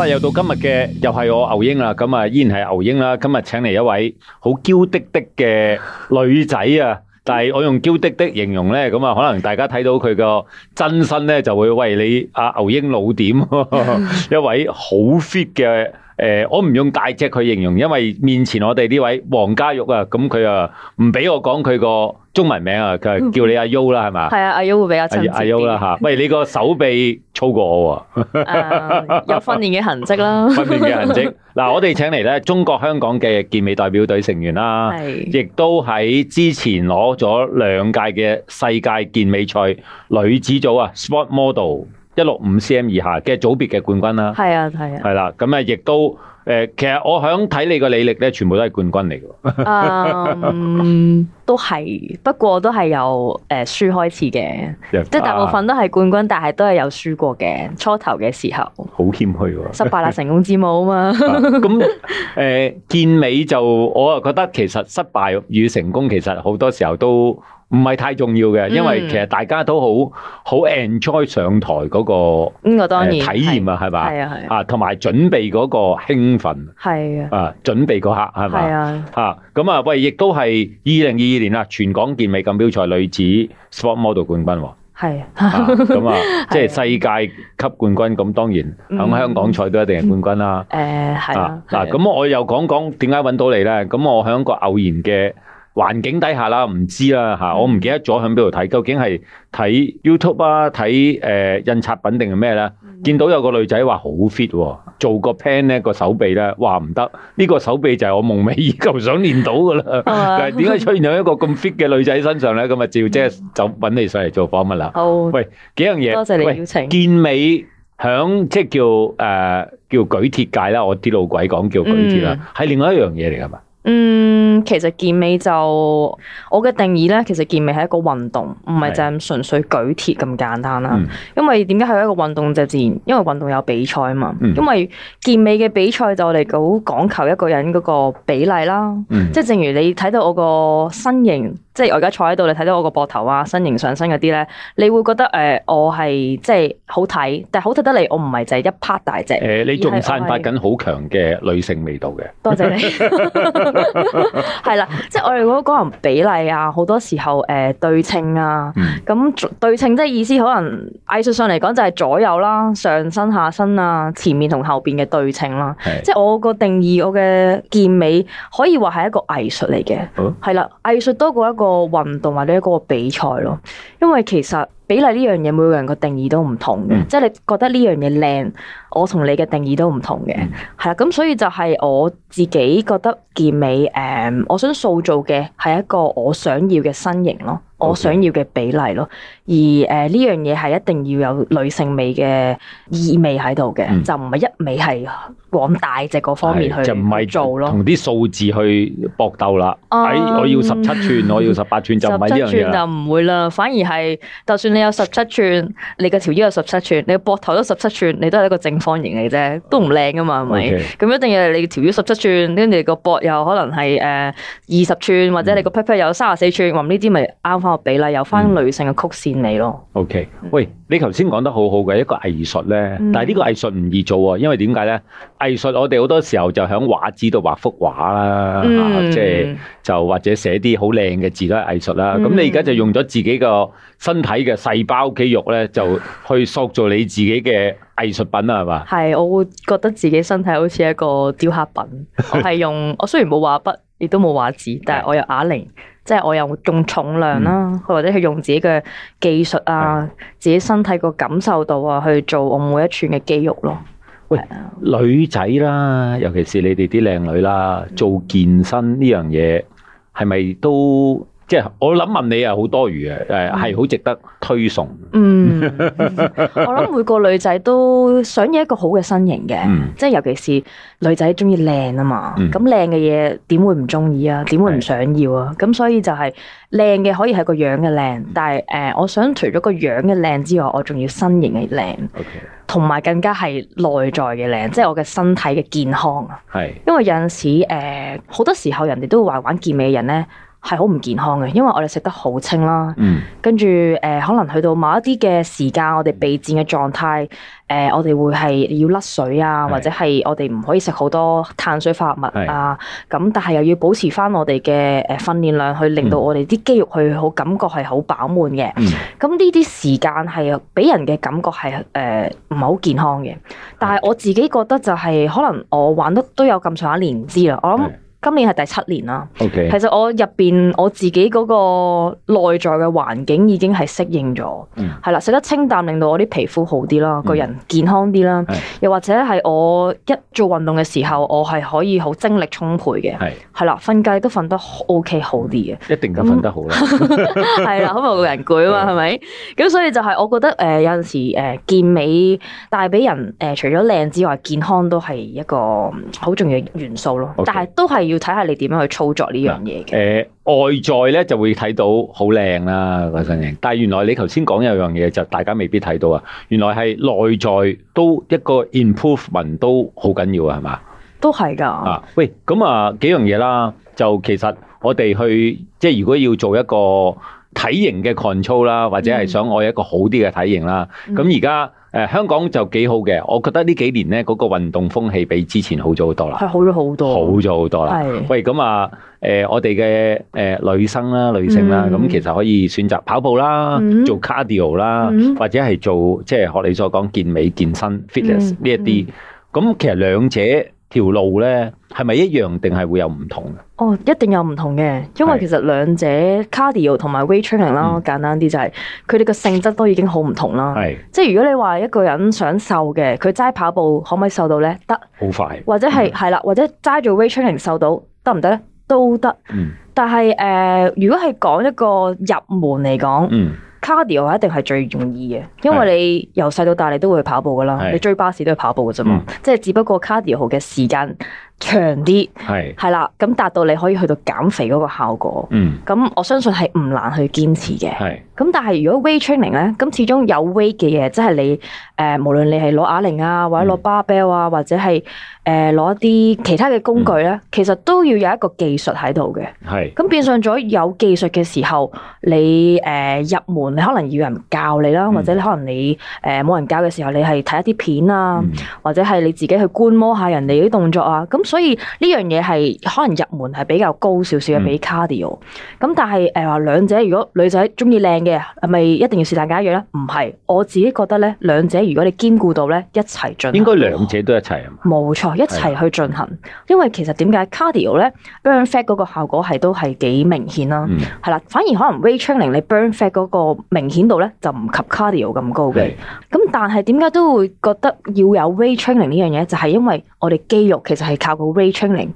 咁啊，又到今日嘅，又係我牛英啦。咁啊，依然係牛英啦。今日請嚟一位好嬌滴滴嘅女仔啊，但係我用嬌滴滴形容咧，咁啊，可能大家睇到佢個真身咧，就會喂你啊牛英老點？ 一位好 fit 嘅。誒、呃，我唔用大隻去形容，因為面前我哋呢位黃家鈺啊，咁佢啊唔俾我講佢個中文名啊，佢係叫你阿 Yo 啦，係嘛、嗯？係啊，阿 Yo 會比較親切啲、啊。阿 Yo 啦嚇、啊，喂，你個手臂粗過我喎、啊 啊，有訓練嘅痕跡啦。訓練嘅痕跡。嗱，我哋請嚟咧，中國香港嘅健美代表隊成員啦，亦是都喺之前攞咗兩屆嘅世界健美賽女子組啊，sport model。一六五 cm 以下嘅組別嘅冠軍啦，係啊係啊，係啦、啊，咁啊亦都誒、呃，其實我響睇你個履歷咧，全部都係冠軍嚟嘅、。 嗯，都係，不過都係由誒輸開始嘅，即係大部分都係冠軍，啊、但係都係有輸過嘅初頭嘅時候，好謙虛喎， 失敗係成功之母啊嘛，咁 誒、啊呃、健美就我啊覺得其實失敗與成功其實好多時候都。唔係太重要嘅，因為其實大家都好好 enjoy 上台嗰個體驗啊，係嘛？係啊，係啊。啊，同埋準備嗰個興奮，係啊。啊，準備嗰刻係嘛？係啊。嚇，咁啊，喂，亦都係二零二二年啦，全港健美錦標賽女子 sport model 冠軍喎。係。咁啊，即係世界級冠軍，咁當然響香港賽都一定係冠軍啦。誒，係啦。嗱，咁我又講講點解揾到你咧？咁我響個偶然嘅環境底下啦，唔知啦嚇，我唔記得咗響邊度睇，究竟係睇 YouTube 啊，睇誒印刷品定係咩咧？見到有個女仔話好 fit 喎，做個 plan 咧個手臂咧話唔得，呢個手臂就係我夢寐以求想練到噶啦。但係點解出現喺一個咁 fit 嘅女仔身上咧？咁啊，照即係就揾你上嚟做訪問啦。好，喂，幾樣嘢，多謝你邀請。健美響即係叫誒叫舉鐵界啦，我啲老鬼講叫舉鐵啦，係另外一樣嘢嚟㗎嘛。嗯，其實健美就我嘅定義咧，其實健美係一個運動，唔係就咁純粹舉鐵咁簡單啦。嗯、因為點解係一個運動就自然，因為運動有比賽啊嘛。嗯、因為健美嘅比賽就嚟好講求一個人嗰個比例啦，嗯、即係正如你睇到我個身形，嗯、即係我而家坐喺度，你睇到我個膊頭啊、身形上身嗰啲咧，你會覺得誒、呃，我係即係好睇，但係好睇得嚟，我唔係就係一 part 大隻。誒、呃，你仲散發緊好強嘅女性味道嘅。多謝你。 係啦， 即係我哋如果講人比例啊，好多時候誒，對稱啊，咁、嗯、對稱即係意思可能藝術上嚟講就係左右啦、上身下身啊、前面同後邊嘅對稱啦。是即係我個定義，我嘅健美可以話係一個藝術嚟嘅，係啦的，藝術多過一個運動或者一個比賽咯，因為其實，比例呢樣嘢每個人個定義都唔同嘅，嗯、即係你覺得呢樣嘢靚，我同你嘅定義都唔同嘅，係啦、嗯，咁所以就係我自己覺得健美，誒、um，我想塑造嘅係一個我想要嘅身形咯。Okay. 我想要嘅比例咯，而誒呢樣嘢係一定要有女性味嘅意味喺度嘅，嗯、就唔係一味係往大隻嗰方面去就唔係做咯，同啲數字去搏鬥啦。喺我要十七寸，我要十八寸，吋就唔係一樣就唔會啦，反而係就算你有十七寸，你個條腰有十七寸，你個膊頭都十七寸，你都係一個正方形嚟啫，都唔靚噶嘛，係咪？咁 Okay. 一定要你條腰十七寸，跟住你個膊又可能係誒二十寸，或者你個 pat pat 有三十四寸，咁呢啲咪啱？比例有翻女性嘅曲線你咯。O Okay . K，喂，你頭先講得好好嘅一個藝術咧，但係呢個藝術唔易做啊，因為點解咧？藝術我哋好多時候就響畫紙度畫幅畫啦、嗯啊，即係就或者寫啲好靚嘅字都係藝術啦。咁、嗯、你而家就用咗自己個身體嘅細胞肌肉咧，就去塑造你自己嘅藝術品啦，係嘛？係，我會覺得自己身體好似一個雕刻品。我係用 我雖然冇畫筆，亦都冇畫紙，但係我有啞鈴。即係我又重重量啦，嗯、或者係用自己嘅技術啊，嗯、自己身體個感受到啊，去做我每一寸嘅肌肉咯。喂，是女仔啦，尤其是你哋啲靚女啦，做健身呢樣嘢係咪都？即係我諗問你啊，好多餘嘅，誒係好值得推崇。 嗯，我諗每個女仔都想要一個好嘅身形嘅，即係、嗯、尤其是女仔中意靚啊嘛。咁靚嘅嘢點會唔中意啊？點會唔想要啊？咁的所以就係靚嘅可以係個樣嘅靚，但係誒、呃，我想除咗個樣嘅靚之外，我仲要身形嘅靚，同埋 Okay. 更加係內在嘅靚，即、就、係、是、我嘅身體嘅健康啊。係的，因為有陣時誒，好、呃、多時候人哋都會話玩健美嘅人咧。係好唔健康嘅，因為我哋食得好清啦，跟住誒可能去到某一啲嘅時間，我哋備戰嘅狀態，誒、呃、我哋會係要甩水啊，是的 或者係我哋唔可以食好多碳水化合物啊，咁是的 但係又要保持返我哋嘅誒訓練量，去令到我哋啲肌肉去好感覺係好飽滿嘅，咁呢啲時間係俾人嘅感覺係誒唔係好健康嘅，但係我自己覺得就係、是、可能我玩得都有咁上下年資啦，我諗。今年係第七年啦。Okay 其實我入邊我自己嗰個內在嘅環境已經係適應咗，係啦、嗯，食得清淡令到我啲皮膚好啲啦，個人健康啲啦，嗯、又或者係我一做運動嘅時候，我係可以好精力充沛嘅，係啦是，瞓覺都瞓得 OK 好啲嘅，一定夠瞓得好啦，係啦、嗯，好冇個人攰啊嘛，係咪 的？咁所以就係我覺得誒、呃、有陣時誒健美帶俾人誒、呃、除咗靚之外，健康都係一個好重要嘅元素咯，但係都係。要睇下你點樣去操作呢樣嘢嘅。誒、呃、外在咧就會睇到好靚啦個身形，但係原來你頭先講有樣嘢就大家未必睇到啊。原來係內在都一個 improvement 都好緊要啊，係嘛？都係㗎。啊喂，咁啊幾樣嘢啦，就其實我哋去即係如果要做一個體型嘅 control 啦，或者係想要一個好啲嘅體型啦，咁而家。誒，香港就幾好嘅，我覺得呢幾年咧，嗰個運動風氣比之前好咗好多啦，係好咗好多，好咗好多啦。係是，喂咁啊，誒、呃、我哋嘅誒女生啦、女性啦，咁、嗯、其實可以選擇跑步啦、做 cardio 啦，嗯、或者係做即係學你所講健美健身 fitness 呢一啲，咁、嗯、其實兩者。條路呢係咪一樣，定係會有唔同啊？哦，一定有唔同嘅，因為其實兩者是 cardio 同埋 weight training 啦，簡單啲就係佢哋嘅性質都已經好唔同啦。是即係如果你話一個人想瘦嘅，佢齋跑步可唔可以瘦到呢？得，好快或、嗯。或者係係啦，或者齋做 weight training 瘦到得唔得呢？都得。嗯、但係誒、呃，如果係講一個入門嚟講，嗯。cardio 一定係最容易嘅，因為你由細到大你都會跑步噶啦，是的 你追巴士都係跑步嘅啫嘛，即係是的 只不過 cardio 嘅時間。長啲係係啦，咁的達到你可以去到減肥嗰個效果。嗯，咁我相信係唔難去堅持嘅。係咁的，但係如果 weight training 咧，咁始終有 weight 嘅嘢，即係你誒、呃，無論你係攞啞鈴啊，或者攞 barbell 啊，或者係誒攞一啲其他嘅工具咧，嗯、其實都要有一個技術喺度嘅。係咁、嗯、變相咗有技術嘅時候，你誒、呃、入門，你可能要人教你啦，或者你可能你誒冇、呃、人教嘅時候你，你係睇一啲片啊，或者係你自己去觀摩下人哋啲動作啊，咁。所以呢樣嘢係可能入門係比較高少少嘅，比 cardio，咁、嗯、但係誒話兩者，如果女仔中意靚嘅，係咪一定要是但揀一樣咧？唔係，我自己覺得咧兩者，如果你兼顧到咧一齊進，應該兩者都一齊啊？冇錯，一齊去進行，吧因為其實點解 cardio 咧 burn fat 嗰個效果係都係幾明顯啦，係啦、嗯，反而可能 weight training 你 burn fat 嗰個明顯度咧就唔及 cardio 咁高嘅，咁的但係點解都會覺得要有 weight training 呢樣嘢？就係、是、因為我哋肌肉其實係靠。冇 retraining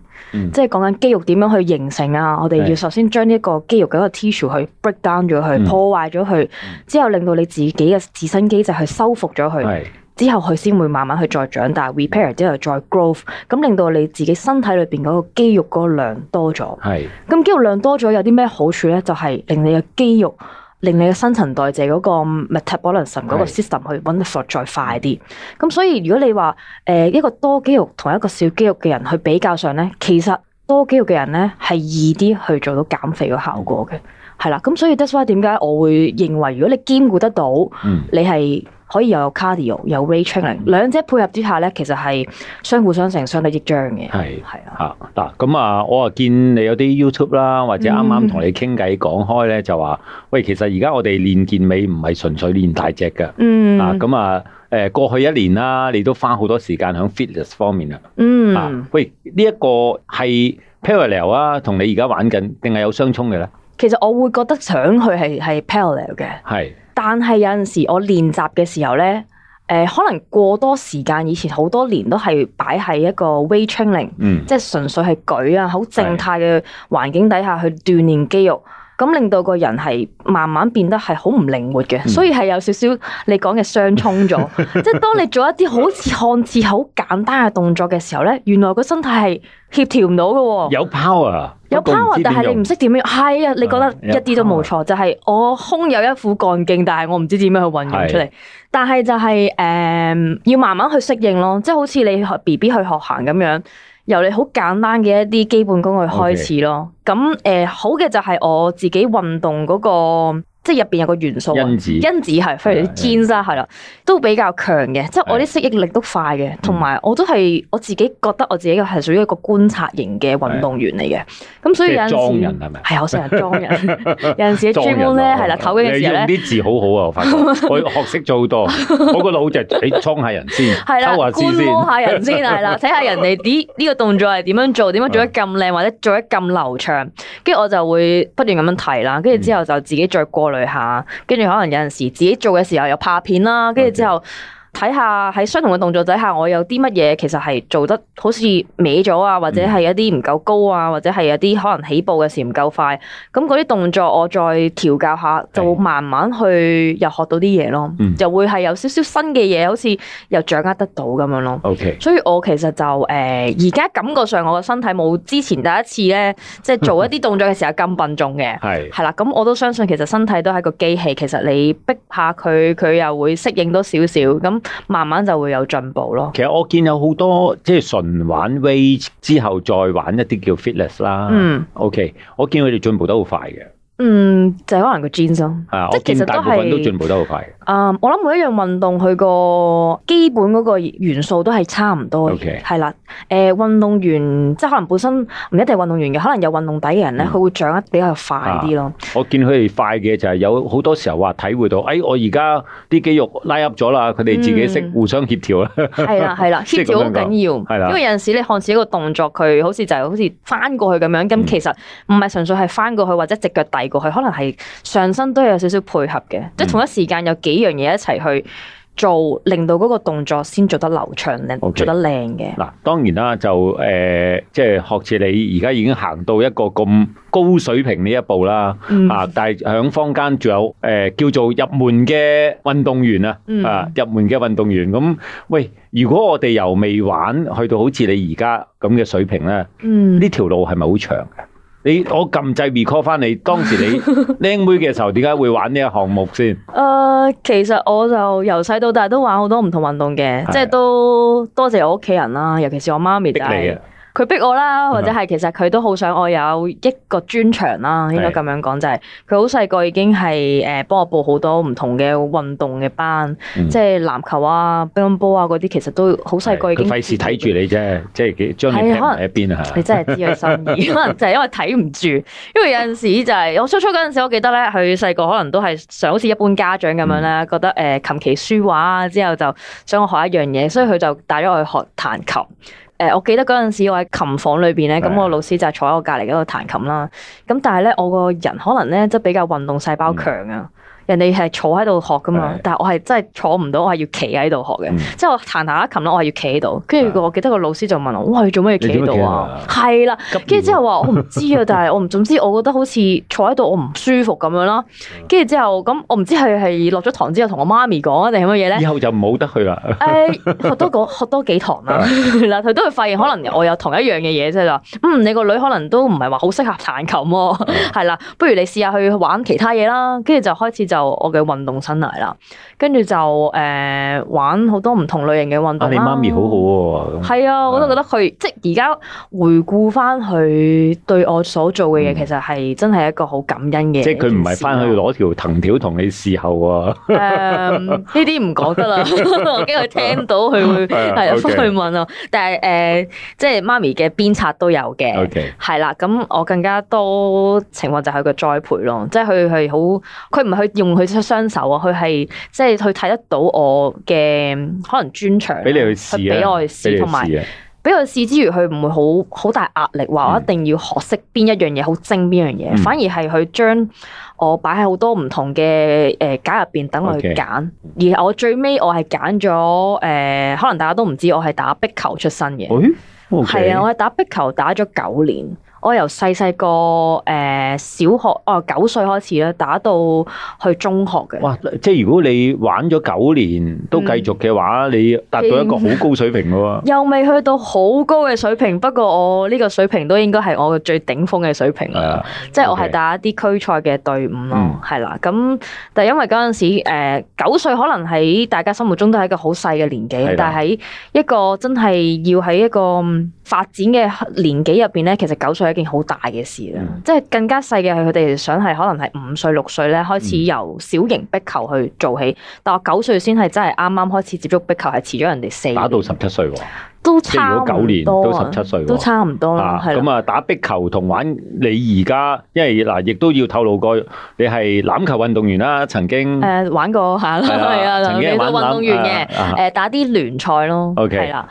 即係講緊肌肉點樣去形成啊！是我哋要首先將呢個肌肉嘅一個 tissue 去 break down 咗佢，嗯、破壞咗佢，之後令到你自己嘅自身機制，去修復咗佢，是之後佢先會慢慢去再長大 repair 之後再 growth，咁令到你自己身體裏邊嗰個肌肉嗰個量多咗。係咁是肌肉量多咗有啲咩好處咧？就係、是、令你嘅肌肉。令你嘅新陳代謝嗰個 metabolism 嗰是個 system 去搵得再快啲，咁所以如果你話誒一個多肌肉同一個少肌肉嘅人去比較上咧，其實多肌肉嘅人咧係易啲去做到減肥嘅效果嘅，係啦、嗯，咁所以 that's why 點解我會認為如果你兼顧得到你、嗯，你係。可以又有 cardio 有 weight training，兩者配合之下咧，其實係相互相成、相得益彰嘅。係係是啊。嗱咁啊，我啊見你有啲 YouTube 啦，或者啱啱同你傾偈講開咧，就話：喂，其實而家我哋練健美唔係純粹練大隻㗎。嗯。啊咁啊，誒過去一年啦，你都花好多時間喺 fitness 方面、嗯、啊。嗯。喂，呢、這、一個係 parallel 啊，同你而家玩緊定係有相衝嘅咧？其實我會覺得想去係係 parallel 嘅。係。但係有陣時，我練習嘅時候咧，誒、呃、可能過多時間，以前好多年都係擺喺一個 weight training、嗯、即係純粹係舉啊，好靜態嘅環境底下去鍛煉肌肉。咁令到個人係慢慢變得係好唔靈活嘅，嗯、所以係有少少你講嘅相沖咗， 即係當你做一啲好似看似好簡單嘅動作嘅時候咧，原來個身體係協調唔到嘅。有 power，有 power，但係你唔識點樣。係啊，你覺得一啲都冇錯，就係、是、我空有一副幹勁，但係我唔知點樣去運用出嚟，的但係就係、是、誒，um, 要慢慢去適應咯，即係好似你 B B 去學行咁樣。由你好簡單嘅一啲基本功去開始咯，咁誒 Okay.，呃，好嘅就係我自己運動嗰個。即係入邊有個元素啊，因子係，例如啲 g e n 啦，係啦，都比較強嘅。即係我啲適應力都快嘅，同埋我都係我自己覺得我自己係屬於一個觀察型嘅運動員嚟嘅。咁所以有陣人係咪？係我成日裝人，有陣時專門咧係啦，唞幾時咧啲字好好啊！我發覺我學識咗好多，我個腦就係喺裝下人先，偷下先，摸下人先，係啦，睇下人哋咦呢個動作係點樣做？點樣做得咁靚，或者做得咁流暢？跟住我就會不斷咁樣提啦，跟住之後就自己再過。對下，跟住可能有陣時自己做嘅時候又拍片啦，跟住之後。睇下喺相同嘅動作底下，我有啲乜嘢其實係做得好似歪咗啊，或者係有啲唔夠高啊，或者係有啲可能起步嘅時唔夠快，咁嗰啲動作我再調教下，就慢慢去又學到啲嘢咯，就的、嗯、會係有少少新嘅嘢，好似又掌握得到咁樣咯。O Okay . K，所以我其實就誒而家感覺上我嘅身體冇之前第一次咧，即係做一啲動作嘅時候咁笨重嘅，係啦的，咁我都相信其實身體都係個機器，其實你逼下佢，佢又會適應多少少咁。慢慢就會有進步咯。其實、okay，我見有好多即係純玩 weight 之後再玩一啲叫 fitness 啦、嗯。嗯，OK，我見佢哋進步得好快嘅。嗯，就係、是、可能個 genes 咯，即係其實都係，都進步得好快。啊、嗯，我諗每一樣運動佢個基本嗰個元素都係差唔多。OK，係啦，誒、呃，運動員即係可能本身唔一定係運動員嘅，可能有運動底嘅人咧，佢、嗯、會掌握比較快啲咯、啊。我見佢哋快嘅就係有好多時候話體會到，誒、哎，我而家啲肌肉拉入咗啦，佢哋自己識互相協調啦。係啦，係啦，協調好緊要，係啦、嗯，因為有陣時你看似一個動作，佢好似就係好似翻過去咁樣，咁、嗯、其實唔係純粹係翻過去或者直腳底。過去可能係上身都有少少配合嘅，即係同一時間有幾樣嘢，一齊去做，令到嗰個動作先做得流暢，令做得靚嘅。嗱，當然啦，就誒，即係學似你而家已經行到一個咁高水平呢一步啦。啊，但係響坊間仲有誒叫做入門嘅運動員啊，啊，入門嘅運動員咁，喂，如果我哋由未玩去到好似你而家咁嘅水平咧，呢條路係咪好長嘅？你我撳掣 record 返你當時你僆妹嘅時候，點解會玩呢個項目先 、呃？其實我就由細到大都玩好多唔同的運動嘅，的即係都多謝，謝我屋企人啦，尤其是我媽咪、就係。佢逼我啦，或者係其實佢都好想我有一個專長啦，應該咁樣講就係佢好細個已經係誒幫我報好多唔同嘅運動嘅班，嗯、即係籃球啊、乒乓波啊嗰啲，其實都好細個已經。佢費事睇住你啫，即係將你喺一邊啊！你真係知佢心意， 可能就係因為睇唔住，因為有陣時就係、係、我初初嗰陣時，我記得咧，佢細個可能都係想好似一般家長咁樣咧，嗯、覺得誒、呃、琴棋書畫之後就想我學一樣嘢，所以佢就帶咗我去學彈琴。我記得嗰陣時，我喺琴房裏面，咧，咁我老師就坐喺我隔離嗰度彈琴啦。咁但係咧，我個人可能咧，即比較運動細胞強啊。嗯人哋係坐喺度學噶嘛，的但係我係真係坐唔到，我係要企喺度學嘅。嗯、即係我彈彈下琴啦，我係要企喺度。跟住的我記得個老師就問我，喂，你做咩要企喺度啊？係啦，跟住之後話我唔知啊，但係我唔總之我覺得好似坐喺度我唔舒服咁樣啦。跟住之後咁，我唔知係係落咗堂之後同我媽咪講定係乜嘢咧？呢以後就冇得去啦。誒、呃，學多個學多幾堂啦。嗱的，佢 都會發現可能我有同一樣嘅嘢，即係話，嗯，你個女可能都唔係話好適合彈琴喎。係啦的，不如你試下去玩其他嘢啦。跟住就開始就就我嘅運動生涯啦，跟住就誒、呃、玩好多唔同類型嘅運動。啊、你媽咪好好、啊、喎，係啊，我都覺得佢即係而家回顧翻佢對我所做嘅嘢，嗯、其實係真係一個好感恩嘅。即係佢唔係翻去攞條藤條同你伺候啊。誒，呢啲唔講得啦，我驚佢聽到佢會係返去問啊。但係誒，即係媽咪嘅鞭策都有嘅，係啦 Okay.。咁我更加多情況就係佢嘅栽培咯，即係佢係好，佢唔去用佢出雙手啊！佢係即係佢睇得到我嘅可能專長，俾你去試、啊，俾我去試，同埋俾我去試之餘，佢唔會好好大壓力話我一定要學識邊一樣嘢好精邊樣嘢，嗯嗯、反而係佢將我擺喺好多唔同嘅誒架入邊，等我去揀。Okay 而我最尾我係揀咗誒，可能大家都唔知我係打壁球出身嘅，係啊、哦 okay，我係打壁球打咗九年。我由細細個誒小學哦、呃、九歲開始咧打到去中學嘅。哇！即係如果你玩咗九年都繼續嘅話，嗯、你達到一個好高水平嘅喎、嗯。又未去到好高嘅水平，不過我呢個水平都應該係我最頂峰嘅水平的即係我係打一啲區賽嘅隊伍咯，係啦、嗯。咁但係因為嗰陣時誒、呃、九歲可能喺大家心目中都係一個好細嘅年紀，的但係喺一個真係要喺一個發展嘅年紀入邊呢，其實九歲。一件好大嘅事啦，即係更加細嘅係佢哋想係可能係五歲六歲咧開始由小型壁球去做起，但我九歲先係真係啱啱開始接觸壁球，係遲咗人哋四年，打到十七歲。都差唔多，九年都十七歲都差唔多啦。咁啊，打壁球同玩你而家，因為嗱，亦都要透露過你係籃球運動員啦，曾經誒玩過下啦，係啊，曾經都運動員嘅，誒打啲聯賽咯。OK，係啦，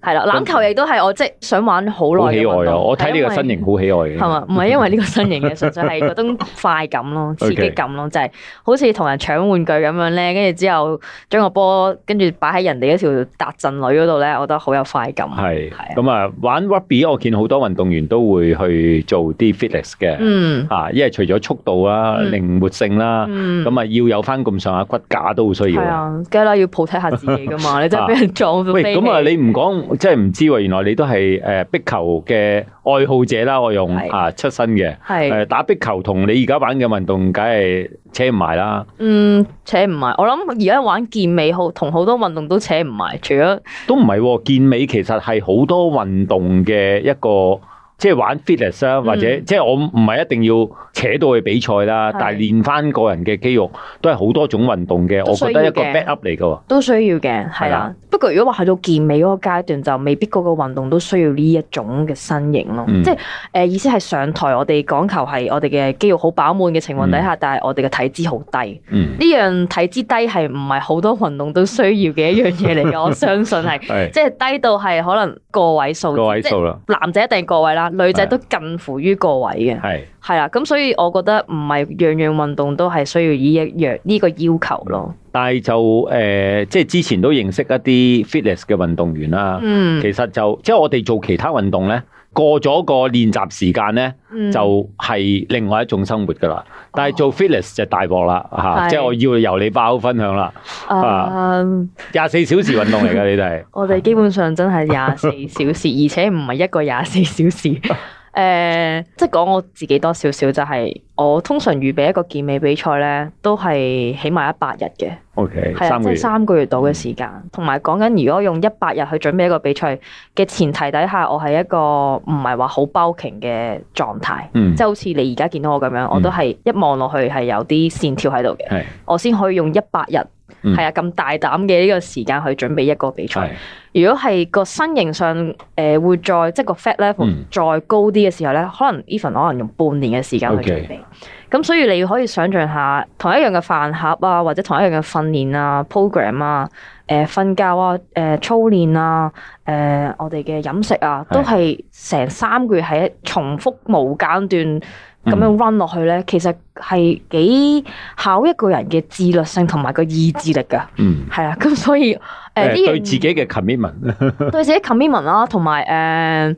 係啦，籃球亦都係我即係想玩好耐。好喜愛啊！我睇呢個身形好喜愛嘅，係嘛？唔係因為呢個身形嘅，純粹係嗰種快感咯，刺激感咯，就係好似同人搶玩具咁樣咧。跟住之後將個波跟住擺喺人哋嗰條達陣女嗰度咧，我覺得好有。快感，係係啊，咁啊玩 rugby，我見好多運動員都會去做啲 fitness 嘅，嗯嚇，因為除咗速度啊、靈活性啦，咁啊要有翻咁上下骨架都好需要啊。梗啦，要保體下自己㗎嘛，你真係俾人撞到飛。喂，咁啊，你唔講即係唔知喎，原來你都係誒壁球嘅。愛好者啦，我用嚇出身嘅。誒係打壁球同你而家玩嘅運動，梗係扯唔埋啦。嗯，扯唔埋。我諗而家玩健美，好同好多運動都扯唔埋，除咗都唔係喎。健美其實係好多運動嘅一個。即係玩 fitness 啦，或者即係我唔係一定要扯到去比賽啦，但係練翻個人嘅肌肉都係好多種運動嘅，我覺得一個 back up 嚟噶。都需要嘅，係啦。不過如果話去到健美嗰個階段，就未必個個運動都需要呢一種嘅身形咯。即係誒，意思係上台我哋講求係我哋嘅肌肉好飽滿嘅情況底下，但係我哋嘅體脂好低。呢樣體脂低係唔係好多運動都需要嘅一樣嘢嚟嘅？我相信係，即係低到係可能個位數，個位數啦。男仔一定個位啦。女仔都近乎於個位嘅，係係啦，咁所以我覺得唔係樣樣運動都係需要依一樣呢、呢個要求咯。但係就誒、呃，即係之前都認識一啲 fitness 嘅運動員啦，嗯、其實就即係我哋做其他運動咧。過咗個練習時間呢，嗯、就係另外一種生活噶啦。嗯、但係做 fitness 就大鑊啦，吓是，即係我要由你包分享啦。廿四、嗯啊、小時運動嚟噶，你哋？我哋基本上真係廿四小時， 而且唔係一個廿四小時。 誒、呃，即係講我自己多少少就係、是，我通常預備一個健美比賽咧，都係起碼一百日嘅，Okay、係即係三個月度嘅時間。同埋講緊，如果用一百日去準備一個比賽嘅前提底下，我係一個唔係話好包頸嘅狀態，即係好似你而家見到我咁樣，我都係一望落去係有啲線條喺度嘅，嗯、我先可以用一百日。係啊，咁、嗯、大膽嘅呢個時間去準備一個比賽。的如果係個身形上，誒會再即係個 fat level 再高啲嘅時候咧，嗯、可能 even 可能用半年嘅時間去準備。咁 okay, 所以你可以想象下，同一樣嘅飯盒啊，或者同一樣嘅訓練啊、program 啊、誒、呃、瞓覺啊、誒、呃、操練啊、誒、呃、我哋嘅飲食啊，都係成三個月喺重複無間斷。咁樣 run 落去咧，其實係幾考一個人嘅自律性同埋個意志力㗎。嗯，係啊，咁所以誒呢樣對自己嘅 commitment，對自己 commitment 啦， 同埋誒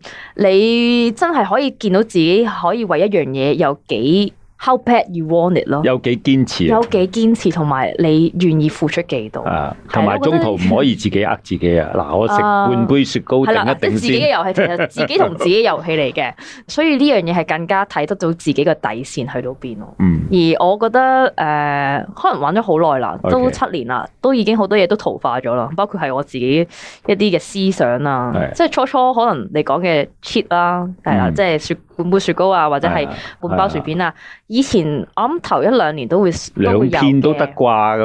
你真係可以見到自己可以為一樣嘢有幾。How bad you want it 咯、啊？有幾堅持？有幾堅持，同埋你願意付出幾多？啊，同埋中途唔可以自己呃自己啊！嗱、啊，我食半杯雪糕頂頂，係啦、啊，即係自己嘅遊戲， 其實自己同自己遊戲嚟嘅，所以呢樣嘢係更加睇得到自己嘅底線去到邊咯。嗯、而我覺得誒、呃，可能玩咗好耐啦，都七年啦，都已經好多嘢都圖化咗啦，包括係我自己一啲嘅思想啊的，即係初初可能你講嘅 cheat 啦，係啦、嗯，即係半杯雪糕啊，或者係半包薯片啊。的以前我諗頭一兩年都會，兩片都得啩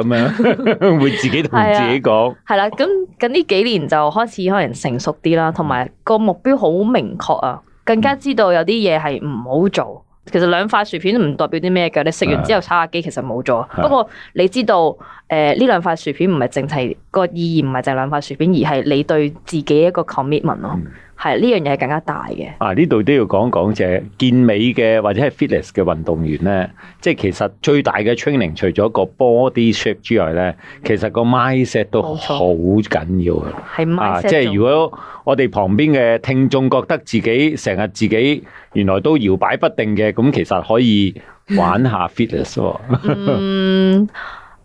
咁樣， 會自己同自己講。係啦，咁近呢幾年就開始可能成熟啲啦，同埋個目標好明確啊，更加知道有啲嘢係唔好做。嗯、其實兩塊薯片唔代表啲咩嘅，你食完之後炒下機，其實冇咗。的不過你知道，誒、呃、呢兩塊薯片唔係淨係個意義，唔係就兩塊薯片，而係你對自己一個 commitment 咯、嗯。係呢樣嘢係更加大嘅。啊，呢度都要講講，就係健美嘅或者係 fitness 嘅運動員咧，即係其實最大嘅 training 除咗個 body shape 之外咧，其實個 mindset 都好緊要嘅。係 mindset。即係如果我哋旁邊嘅聽眾覺得自己成日自己原來都搖擺不定嘅，咁其實可以玩下 fitness、哦。 嗯，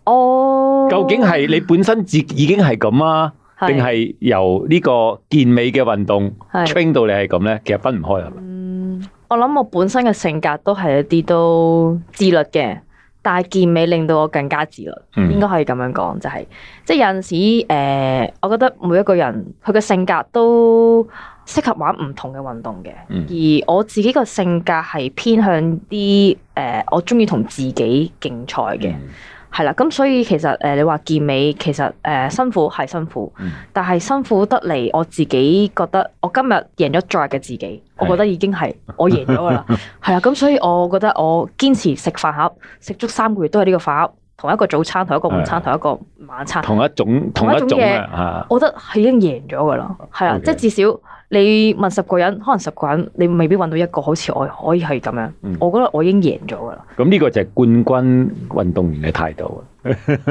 我究竟係你本身自己已經係咁啊？定係由呢個健美嘅運動 train 是到你係咁呢？其實分唔開啊。嗯，我諗我本身嘅性格都係一啲都自律嘅，但係健美令到我更加自律，嗯、應該可以咁樣講就係、是，即係有陣時誒、呃，我覺得每一個人佢嘅性格都適合玩唔同嘅運動嘅，而我自己個性格係偏向啲誒、呃，我中意同自己競賽嘅。嗯嗯係啦，咁所以其實誒，你話健美其實誒、呃、辛苦係辛苦，但係辛苦得嚟，我自己覺得我今日贏咗再嘅自己，我覺得已經係我贏咗噶啦。係啊， 咁所以我覺得我堅持食飯盒食足三個月都係呢個飯盒，同一個早餐、同一個午餐、同一個晚餐，同一種同一種嘢，種啊、我覺得係已經贏咗噶啦。係啊，okay. 即係至少。你問十個人，可能十個人你未必揾到一個好似我可以係咁樣。我覺得我已經贏咗㗎啦。咁呢個就係冠軍運動員嘅態度啊！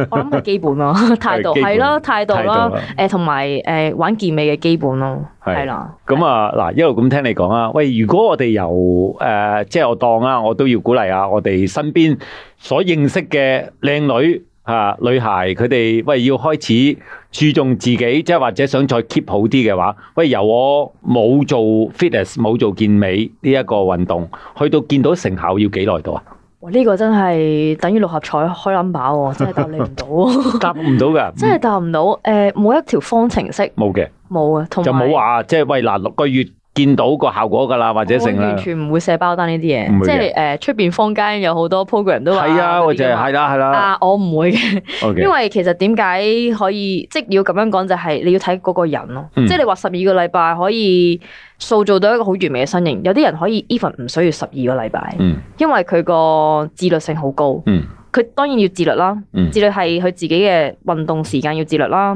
我諗係基本咯，態度係咯，態度咯，誒同埋誒玩健美嘅基本咯，係啦。咁啊嗱，一路咁聽你講啊，喂，如果我哋由誒，即係我當啊，我都要鼓勵下我哋身邊所認識嘅靚女。啊，女孩佢哋喂，要開始注重自己，即係或者想再 keep 好啲嘅話，喂由我冇做 fitness 冇做健美呢一個運動，去到見到成效要幾耐度啊？呢、呢個真係等於六合彩開冧把喎，真係答你唔到，啊， 答唔到㗎，嗯、真係答唔到。誒、呃，冇一條方程式，冇嘅，冇嘅，就冇話即係喂嗱六個月。見到個效果㗎啦，或者成啦。完全唔會寫包單呢啲嘢，即係誒出邊坊間有好多 program 都話係啊，我就係啦，係啦。啊，啊我唔會，Okay. 因為其實點解可以，即係要咁樣講就係你要睇嗰個人咯。嗯、即係你話十二個禮拜可以塑造到一個好完美嘅身形，有啲人可以 even 唔需要十二個禮拜，嗯、因為佢個自律性好高。佢、嗯、當然要自律啦，嗯、自律係佢自己嘅運動時間要自律啦。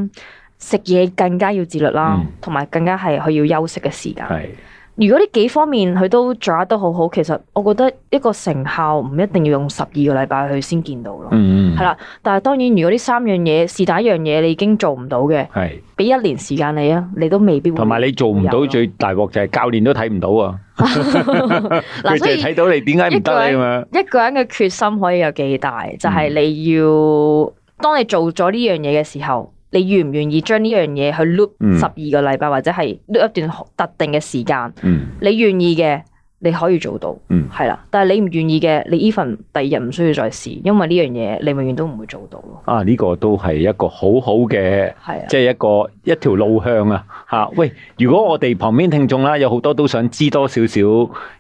食嘢更加要自律啦，同埋、嗯、更加係佢要休息嘅時間。是如果呢幾方面佢都做得都好好，其實我覺得一個成效唔一定要用十二個禮拜去先見到咯。係啦、嗯，但係當然如果呢三樣嘢是但一樣嘢你已經做唔到嘅，俾是一年時間你啊，你都未必會會。同埋你做唔到最大鑊就係教練都睇唔到啊！嗱，所以睇到你點解唔得啊？一個人嘅決心可以有幾大？就係、是、你要當你做咗呢樣嘢嘅時候。你願唔願意將呢樣嘢去碌十二個禮拜，嗯、或者係碌一段特定嘅時間？嗯、你願意嘅你可以做到，係啦、嗯。但係你唔願意嘅，你 even 第二日唔需要再試，因為呢樣嘢你永遠都唔會做到咯。啊！呢、呢個都係一個好好嘅，即係是的 一個一條路向啊！嚇、啊、喂，如果我哋旁邊聽眾啦，有好多都想知多少少，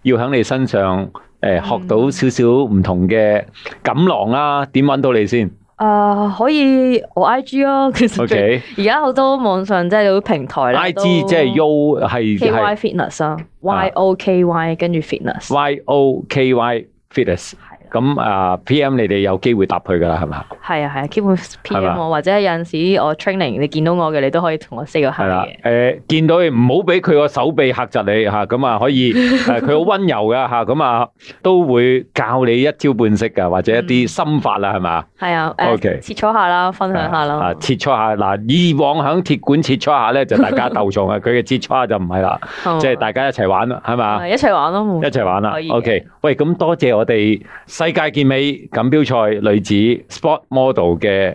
要喺你身上誒、呃、學到少少唔同嘅錦囊啊，點揾到你先？啊，可以我 I G 咯，其實而家好多網上即係有啲平台咧，I G 即係 U 係係 Y Fitness 啊，Y O K Y 跟住 Fitness，Y O K Y Fitness，咁啊 P M 你哋有機會答佢㗎喇，係咪？係啊係啊，keep 住 P 我，或者有陣時我 training，你見到我嘅，你都可以同我 say 個 hi 嘅。誒，見到佢唔好俾佢個手臂吓窒你吓，咁啊可以，誒佢好温柔噶吓，咁啊都會教你一招半式噶，或者一啲心法啦，係咪？係啊，O K，切磋下啦，分享下囉，切磋下。嗱，以往喺鐵管切磋下咧，就大家鬥重啊，佢嘅切磋就唔係啦，即係大家一齊玩啦，係嘛？一齊玩咯，一齊玩啦。O K，喂，咁多謝我哋世界健美錦標賽女子 sport。model 嘅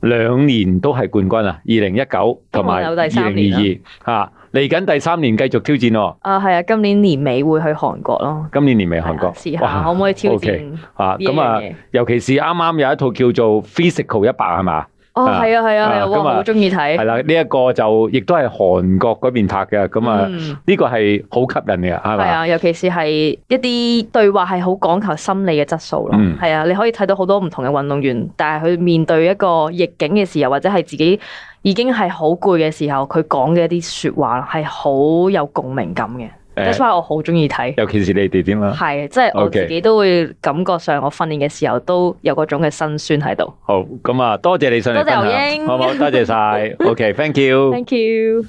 兩年都係冠軍啊！二零一九同埋二零二二嚇，嚟緊第三年繼續挑戰喎！啊，係啊，今年年尾會去韓國咯，今年年尾韓國試下可唔可以挑戰？OK，啊，咁啊，尤其是啱啱有一套叫做 Physical 一百係嘛？哦，係啊，係啊，我好中意睇。係啦、啊，呢、這、一個就亦都係韓國嗰邊拍嘅，咁啊呢、嗯、個係好吸引嘅，係嘛？係啊，尤其是係一啲對話係好講求心理嘅質素咯。係、嗯、啊，你可以睇到好多唔同嘅運動員，但係佢面對一個逆境嘅時候，或者係自己已經係好攰嘅時候，佢講嘅一啲說話係好有共鳴感嘅。That's why 我好中意睇，尤其是你哋點樣。係，即係我自己都會感覺上我訓練嘅時候都有嗰種嘅辛酸喺度。好，咁啊，多謝你上嚟，多謝牛英，好唔好？ 多謝晒。OK，thank you，thank you。